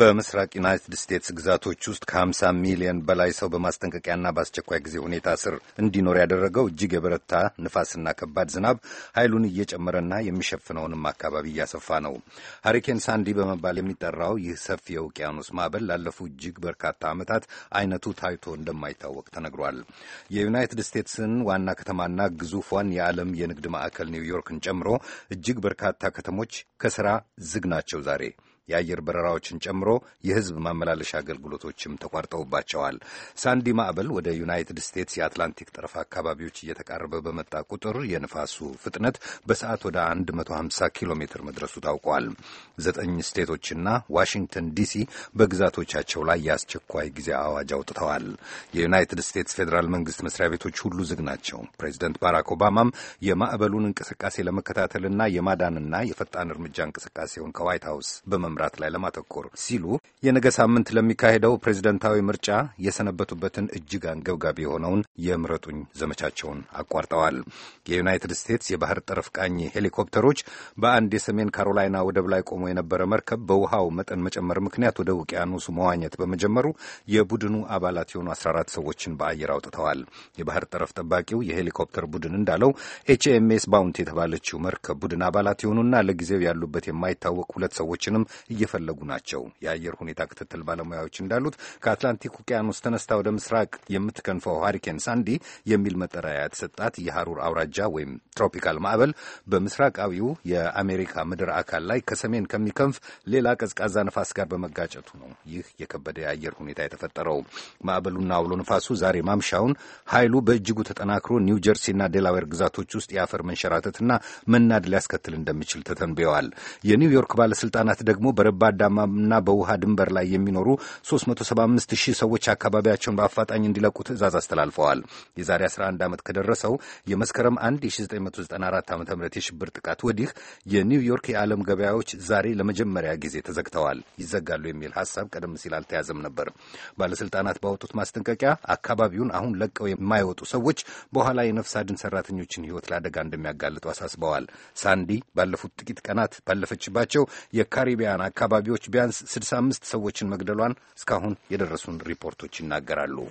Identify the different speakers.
Speaker 1: በምስራቅ ዩናይትድ ስቴትስ ግዛቶች ውስጥ ከ50 ሚሊዮን በላይ ሰው በማስጠንቀቂያና በአስቸኳይ ጊዜ ሁኔታ ስር እንዲኖር ያደረገው እጅግ የበረታ ንፋስና ከባድ ዝናብ ኃይሉን እየጨመረና የሚሸፍነውንም አካባቢ እያሰፋ ነው። ሀሪኬን ሳንዲ በመባል የሚጠራው ይህ ሰፊ የውቅያኖስ ማዕበል ላለፉ እጅግ በርካታ ዓመታት አይነቱ ታይቶ እንደማይታወቅ ተነግሯል። የዩናይትድ ስቴትስን ዋና ከተማና ግዙፏን የዓለም የንግድ ማዕከል ኒውዮርክን ጨምሮ እጅግ በርካታ ከተሞች ከሥራ ዝግ ናቸው ዛሬ የአየር በረራዎችን ጨምሮ የህዝብ ማመላለሻ አገልግሎቶችም ተቋርጠውባቸዋል። ሳንዲ ማዕበል ወደ ዩናይትድ ስቴትስ የአትላንቲክ ጠረፍ አካባቢዎች እየተቃረበ በመጣ ቁጥር የንፋሱ ፍጥነት በሰዓት ወደ 150 ኪሎ ሜትር መድረሱ ታውቋል። ዘጠኝ ስቴቶችና ዋሽንግተን ዲሲ በግዛቶቻቸው ላይ የአስቸኳይ ጊዜ አዋጅ አውጥተዋል። የዩናይትድ ስቴትስ ፌዴራል መንግስት መስሪያ ቤቶች ሁሉ ዝግ ናቸው። ፕሬዚደንት ባራክ ኦባማም የማዕበሉን እንቅስቃሴ ለመከታተልና የማዳንና የፈጣን እርምጃ እንቅስቃሴውን ከዋይት ሀውስ በመ መምራት ላይ ለማተኮር ሲሉ የነገ ሳምንት ለሚካሄደው ፕሬዝደንታዊ ምርጫ የሰነበቱበትን እጅግ አንገብጋቢ የሆነውን የምረጡኝ ዘመቻቸውን አቋርጠዋል። የዩናይትድ ስቴትስ የባህር ጠረፍ ቃኝ ሄሊኮፕተሮች በአንድ የሰሜን ካሮላይና ወደብ ላይ ቆሞ የነበረ መርከብ በውሃው መጠን መጨመር ምክንያት ወደ ውቅያኖሱ መዋኘት በመጀመሩ የቡድኑ አባላት የሆኑ 14 ሰዎችን በአየር አውጥተዋል። የባህር ጠረፍ ጠባቂው የሄሊኮፕተር ቡድን እንዳለው ኤችኤምኤስ ባውንት የተባለችው መርከብ ቡድን አባላት የሆኑና ለጊዜው ያሉበት የማይታወቅ ሁለት ሰዎችንም እየፈለጉ ናቸው። የአየር ሁኔታ ክትትል ባለሙያዎች እንዳሉት ከአትላንቲክ ውቅያኖስ ተነስታ ወደ ምስራቅ የምትከንፈው ሃሪኬን ሳንዲ የሚል መጠሪያ የተሰጣት የሐሩር አውራጃ ወይም ትሮፒካል ማዕበል በምስራቃዊው የአሜሪካ ምድር አካል ላይ ከሰሜን ከሚከንፍ ሌላ ቀዝቃዛ ነፋስ ጋር በመጋጨቱ ነው ይህ የከበደ የአየር ሁኔታ የተፈጠረው። ማዕበሉና አውሎ ነፋሱ ዛሬ ማምሻውን ኃይሉ በእጅጉ ተጠናክሮ ኒው ጀርሲና ዴላዌር ግዛቶች ውስጥ የአፈር መንሸራተትና መናድ ሊያስከትል እንደሚችል ተተንብየዋል። የኒውዮርክ ባለስልጣናት ደግሞ በረባዳማና በውሃ ድንበር ላይ የሚኖሩ 375 ሺህ ሰዎች አካባቢያቸውን በአፋጣኝ እንዲለቁ ትዕዛዝ አስተላልፈዋል። የዛሬ 11 ዓመት ከደረሰው የመስከረም 1 1994 ዓ ም የሽብር ጥቃት ወዲህ የኒውዮርክ የዓለም ገበያዎች ዛሬ ለመጀመሪያ ጊዜ ተዘግተዋል። ይዘጋሉ የሚል ሀሳብ ቀደም ሲል አልተያዘም ነበር። ባለስልጣናት ባወጡት ማስጠንቀቂያ አካባቢውን አሁን ለቀው የማይወጡ ሰዎች በኋላ የነፍስ አድን ሰራተኞችን ሕይወት ለአደጋ እንደሚያጋልጡ አሳስበዋል። ሳንዲ ባለፉት ጥቂት ቀናት ባለፈችባቸው የካሪቢያን ሱዳን አካባቢዎች ቢያንስ 65 ሰዎችን መግደሏን እስካሁን የደረሱን ሪፖርቶች ይናገራሉ።